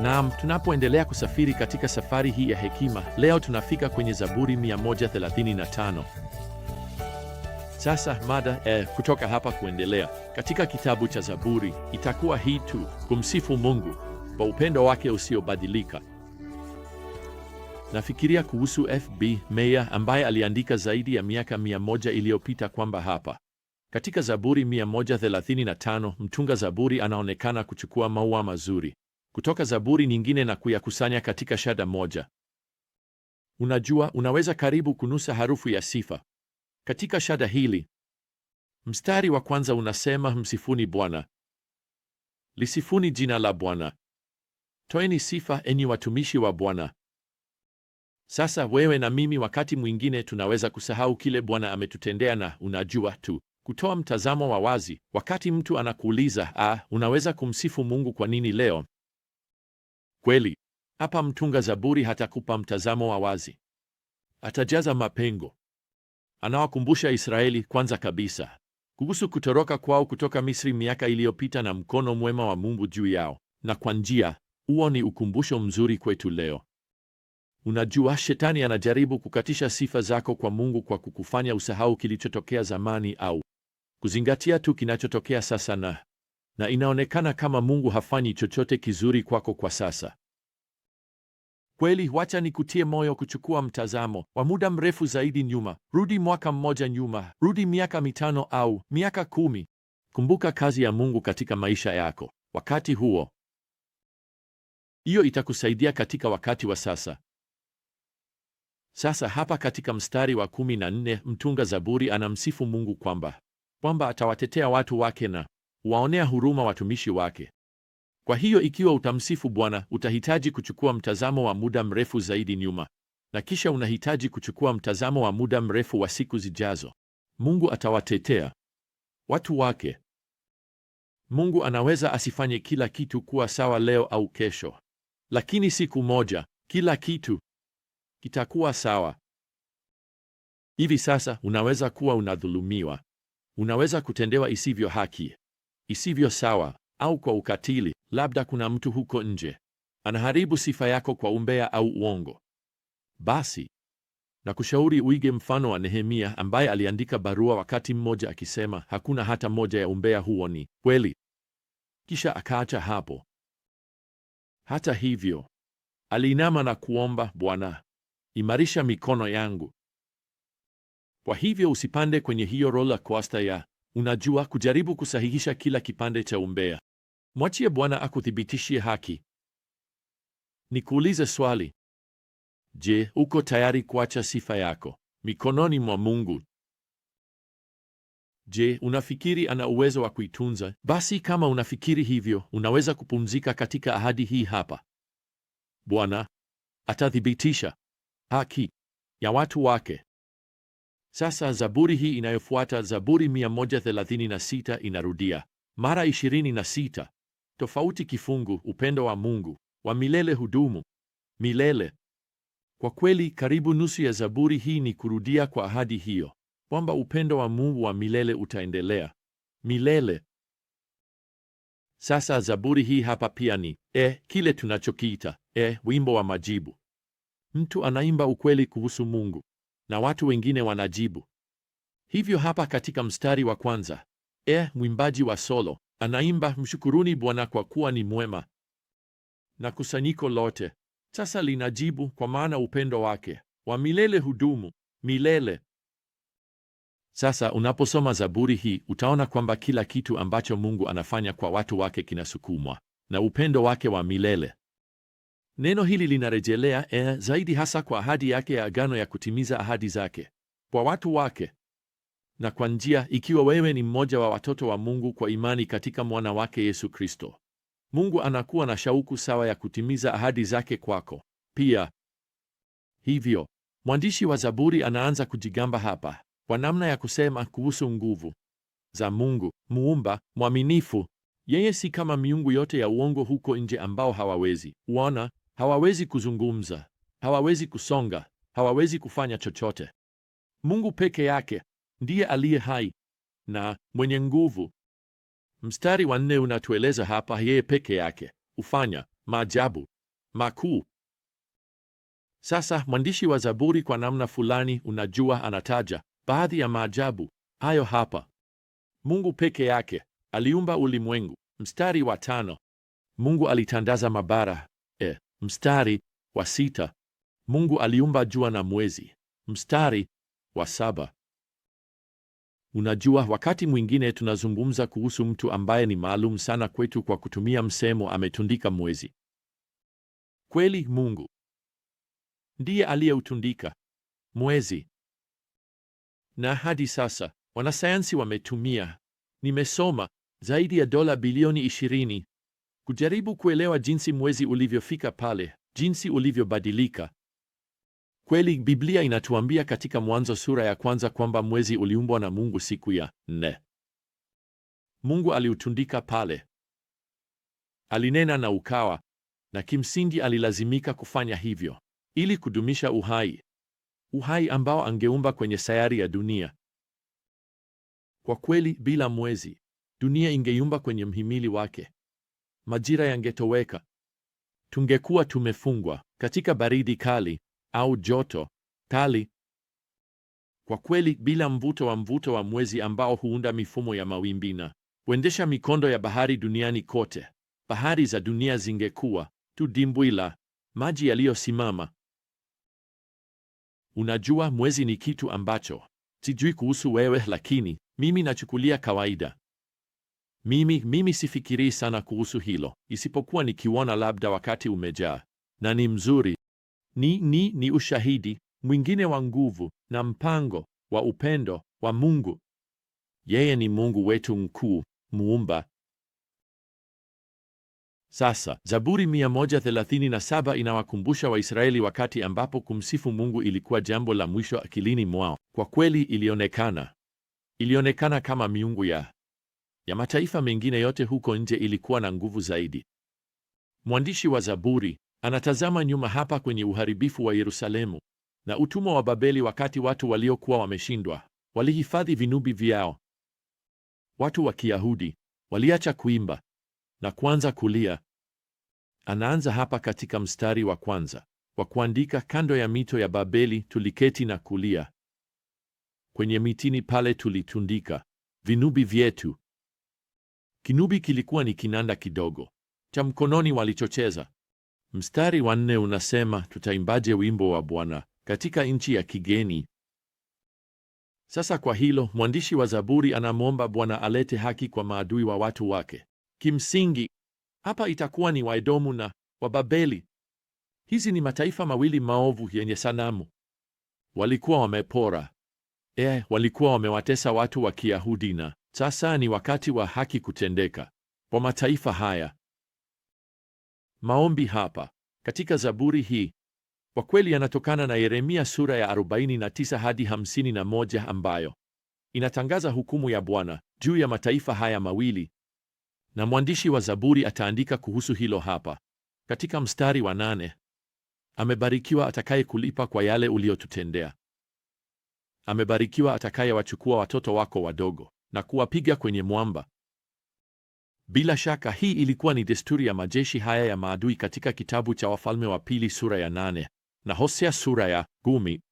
Naam, tunapoendelea kusafiri katika safari hii ya hekima, leo tunafika kwenye Zaburi 135. Sasa mada eh, kutoka hapa kuendelea katika kitabu cha Zaburi itakuwa hii tu, kumsifu Mungu kwa upendo wake usiobadilika. Nafikiria kuhusu FB Meyer ambaye aliandika zaidi ya miaka 1 iliyopita kwamba hapa katika Zaburi 135 mtunga zaburi anaonekana kuchukua maua mazuri kutoka zaburi nyingine na kuyakusanya katika shada moja. Unajua, unaweza karibu kunusa harufu ya sifa katika shada hili. Mstari wa kwanza unasema, msifuni Bwana, lisifuni jina la Bwana, toeni sifa, enyi watumishi wa Bwana. Sasa wewe na mimi wakati mwingine tunaweza kusahau kile Bwana ametutendea, na unajua tu kutoa mtazamo wa wazi wakati mtu anakuuliza, ah, unaweza kumsifu Mungu kwa nini leo? Kweli hapa mtunga zaburi hatakupa mtazamo wa wazi, atajaza mapengo. Anawakumbusha Israeli kwanza kabisa kuhusu kutoroka kwao kutoka Misri miaka iliyopita na mkono mwema wa Mungu juu yao, na kwa njia huo ni ukumbusho mzuri kwetu leo. Unajua, shetani anajaribu kukatisha sifa zako kwa Mungu kwa kukufanya usahau kilichotokea zamani au kuzingatia tu kinachotokea sasa na na inaonekana kama Mungu hafanyi chochote kizuri kwako kwa sasa. Kweli, wacha nikutie moyo kuchukua mtazamo wa muda mrefu zaidi nyuma. Rudi mwaka mmoja nyuma, rudi miaka mitano au miaka kumi. Kumbuka kazi ya Mungu katika maisha yako wakati huo. Hiyo itakusaidia katika wakati wa sasa. Sasa hapa katika mstari wa kumi na nne mtunga zaburi anamsifu Mungu kwamba kwamba atawatetea watu wake na huwaonea huruma watumishi wake. Kwa hiyo ikiwa utamsifu Bwana, utahitaji kuchukua mtazamo wa muda mrefu zaidi nyuma, na kisha unahitaji kuchukua mtazamo wa muda mrefu wa siku zijazo. Mungu atawatetea watu wake. Mungu anaweza asifanye kila kitu kuwa sawa leo au kesho, lakini siku moja kila kitu kitakuwa sawa. Hivi sasa unaweza kuwa unadhulumiwa, unaweza kutendewa isivyo haki, isivyo sawa au kwa ukatili. Labda kuna mtu huko nje anaharibu sifa yako kwa umbea au uongo. Basi na kushauri uige mfano wa Nehemia ambaye aliandika barua wakati mmoja akisema, hakuna hata moja ya umbea huo ni kweli, kisha akaacha hapo. Hata hivyo, aliinama na kuomba, Bwana, imarisha mikono yangu. Kwa hivyo usipande kwenye hiyo rola kwasta ya Unajua, kujaribu kusahihisha kila kipande cha umbea. Mwachie Bwana akuthibitishie haki. Nikuulize swali. Je, uko tayari kuacha sifa yako mikononi mwa Mungu? Je, unafikiri ana uwezo wa kuitunza? Basi kama unafikiri hivyo, unaweza kupumzika katika ahadi hii hapa. Bwana atathibitisha haki ya watu wake. Sasa zaburi hii inayofuata, Zaburi 136, inarudia mara 26. Tofauti kifungu, upendo wa Mungu wa milele hudumu milele. Kwa kweli, karibu nusu ya zaburi hii ni kurudia kwa ahadi hiyo kwamba upendo wa Mungu wa milele utaendelea milele. Sasa zaburi hii hapa pia ni e, kile tunachokiita e, wimbo wa majibu. Mtu anaimba ukweli kuhusu Mungu na watu wengine wanajibu hivyo. Hapa katika mstari wa kwanza, e mwimbaji wa solo anaimba mshukuruni Bwana kwa kuwa ni mwema, na kusanyiko lote sasa linajibu kwa maana upendo wake wa milele hudumu milele. Sasa unaposoma Zaburi hii utaona kwamba kila kitu ambacho Mungu anafanya kwa watu wake kinasukumwa na upendo wake wa milele. Neno hili linarejelea e, zaidi hasa kwa ahadi yake ya agano ya kutimiza ahadi zake kwa watu wake. Na kwa njia, ikiwa wewe ni mmoja wa watoto wa Mungu kwa imani katika mwana wake Yesu Kristo, Mungu anakuwa na shauku sawa ya kutimiza ahadi zake kwako pia. Hivyo mwandishi wa Zaburi anaanza kujigamba hapa kwa namna ya kusema kuhusu nguvu za Mungu muumba mwaminifu. Yeye si kama miungu yote ya uongo huko nje ambao hawawezi uona Hawawezi kuzungumza, hawawezi kusonga, hawawezi kufanya chochote. Mungu peke yake ndiye aliye hai na mwenye nguvu. Mstari wa nne unatueleza hapa, yeye peke yake ufanya maajabu makuu. Sasa mwandishi wa Zaburi kwa namna fulani, unajua, anataja baadhi ya maajabu hayo hapa. Mungu peke yake aliumba ulimwengu. Mstari wa tano, Mungu alitandaza mabara Mstari wa sita, Mungu aliumba jua na mwezi. Mstari wa saba. Unajua, wakati mwingine tunazungumza kuhusu mtu ambaye ni maalum sana kwetu kwa kutumia msemo ametundika mwezi. Kweli, Mungu ndiye aliyeutundika mwezi, na hadi sasa wanasayansi wametumia, nimesoma, zaidi ya dola bilioni 20 kujaribu kuelewa jinsi mwezi ulivyofika pale, jinsi ulivyobadilika. Kweli Biblia inatuambia katika Mwanzo sura ya kwanza kwamba mwezi uliumbwa na Mungu siku ya nne. Mungu aliutundika pale, alinena na ukawa, na kimsingi alilazimika kufanya hivyo ili kudumisha uhai, uhai ambao angeumba kwenye sayari ya dunia. Kwa kweli, bila mwezi dunia ingeyumba kwenye mhimili wake majira yangetoweka, tungekuwa tumefungwa katika baridi kali au joto kali. Kwa kweli, bila mvuto wa mvuto wa mwezi ambao huunda mifumo ya mawimbi na kuendesha mikondo ya bahari duniani kote, bahari za dunia zingekuwa tu dimbwi la maji yaliyosimama. Unajua, mwezi ni kitu ambacho sijui kuhusu wewe, lakini mimi nachukulia kawaida mimi mimi sifikirii sana kuhusu hilo, isipokuwa nikiona labda wakati umejaa na ni mzuri. Ni ni ni ushahidi mwingine wa nguvu na mpango wa upendo wa Mungu. Yeye ni Mungu wetu mkuu, muumba. Sasa Zaburi 137 inawakumbusha Waisraeli wakati ambapo kumsifu Mungu ilikuwa jambo la mwisho akilini mwao. Kwa kweli, ilionekana ilionekana kama miungu ya ya mataifa mengine yote huko nje ilikuwa na nguvu zaidi. Mwandishi wa Zaburi anatazama nyuma hapa kwenye uharibifu wa Yerusalemu na utumwa wa Babeli, wakati watu waliokuwa wameshindwa walihifadhi vinubi vyao. Watu wa Kiyahudi waliacha kuimba na kuanza kulia. Anaanza hapa katika mstari wa kwanza kwa kuandika, kando ya mito ya Babeli tuliketi na kulia, kwenye mitini pale tulitundika vinubi vyetu. Kinubi kilikuwa ni kinanda kidogo cha mkononi walichocheza. Mstari wa nne unasema, tutaimbaje wimbo wa Bwana katika nchi ya kigeni? Sasa kwa hilo, mwandishi wa Zaburi anamwomba Bwana alete haki kwa maadui wa watu wake. Kimsingi hapa itakuwa ni Waedomu na Wababeli. Hizi ni mataifa mawili maovu yenye sanamu. Walikuwa wamepora e, walikuwa wamewatesa watu wa Kiyahudi na sasa ni wakati wa haki kutendeka kwa mataifa haya. Maombi hapa katika Zaburi hii kwa kweli yanatokana na Yeremia sura ya 49 hadi 51 ambayo inatangaza hukumu ya Bwana juu ya mataifa haya mawili, na mwandishi wa Zaburi ataandika kuhusu hilo hapa katika mstari wa nane: amebarikiwa atakaye kulipa kwa yale uliotutendea, amebarikiwa atakayewachukua watoto wako wadogo na kuwapiga kwenye mwamba. Bila shaka hii ilikuwa ni desturi ya majeshi haya ya maadui katika kitabu cha Wafalme wa Pili sura ya nane na Hosea sura ya kumi.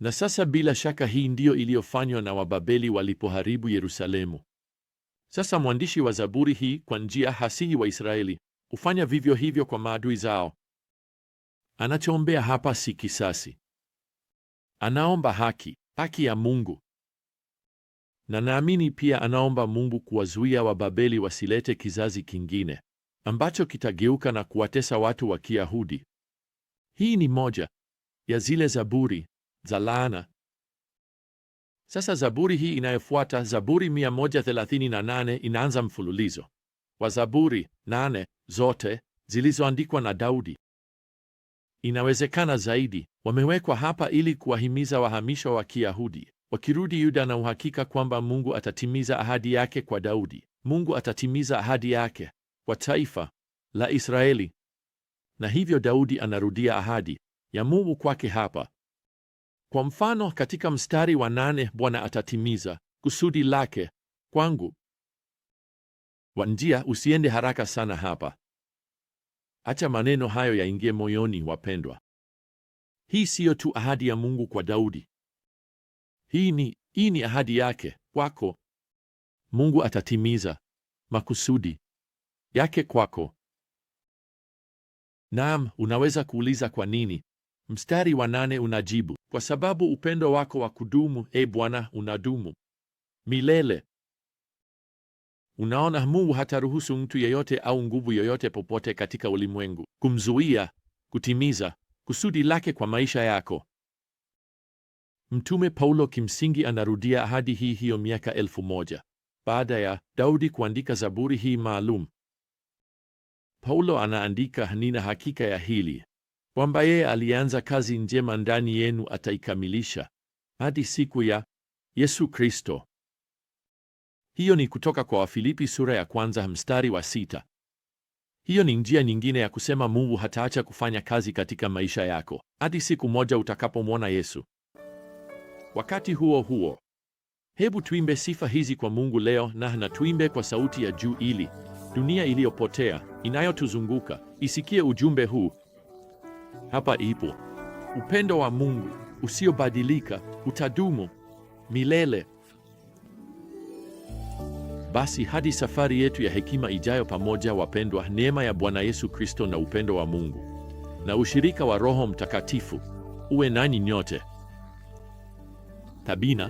Na sasa bila shaka hii ndiyo iliyofanywa na Wababeli walipoharibu Yerusalemu. Sasa mwandishi wa Zaburi hii kwa njia hasihi wa Israeli hufanya vivyo hivyo kwa maadui zao. Anachoombea hapa si kisasi, anaomba haki, haki ya Mungu na naamini pia anaomba Mungu kuwazuia Wababeli wasilete kizazi kingine ambacho kitageuka na kuwatesa watu wa Kiyahudi. Hii ni moja ya zile zaburi za laana. Sasa zaburi hii inayofuata, Zaburi 138, inaanza mfululizo wa zaburi nane zote zilizoandikwa na Daudi. Inawezekana zaidi wamewekwa hapa ili kuwahimiza wahamisho wa Kiyahudi Wakirudi Yuda na uhakika kwamba Mungu atatimiza ahadi yake kwa Daudi, Mungu atatimiza ahadi yake kwa taifa la Israeli. Na hivyo Daudi anarudia ahadi ya Mungu kwake hapa. Kwa mfano, katika mstari wa nane, Bwana atatimiza kusudi lake kwangu. Wanjia, usiende haraka sana hapa. Acha maneno hayo yaingie moyoni, wapendwa. Hii siyo tu ahadi ya Mungu kwa Daudi, hii ni hii ni ahadi yake kwako. Mungu atatimiza makusudi yake kwako. Naam, unaweza kuuliza kwa nini? Mstari wa nane unajibu, kwa sababu upendo wako wa kudumu, e Bwana, unadumu milele. Unaona, Mungu hataruhusu mtu yeyote au nguvu yoyote popote katika ulimwengu kumzuia kutimiza kusudi lake kwa maisha yako. Mtume Paulo kimsingi anarudia ahadi hii hiyo miaka elfu moja baada ya Daudi kuandika zaburi hii maalum. Paulo anaandika, nina hakika ya hili kwamba yeye alianza kazi njema ndani yenu ataikamilisha hadi siku ya Yesu Kristo. Hiyo ni kutoka kwa Wafilipi sura ya kwanza mstari wa sita. Hiyo ni njia nyingine ya kusema Mungu hataacha kufanya kazi katika maisha yako hadi siku moja utakapomwona Yesu. Wakati huo huo, hebu tuimbe sifa hizi kwa Mungu leo, na na tuimbe kwa sauti ya juu, ili dunia iliyopotea inayotuzunguka isikie ujumbe huu. Hapa ipo upendo wa Mungu usiobadilika utadumu milele. Basi hadi safari yetu ya hekima ijayo pamoja, wapendwa, neema ya Bwana Yesu Kristo na upendo wa Mungu na ushirika wa Roho Mtakatifu uwe nani nyote. Tabina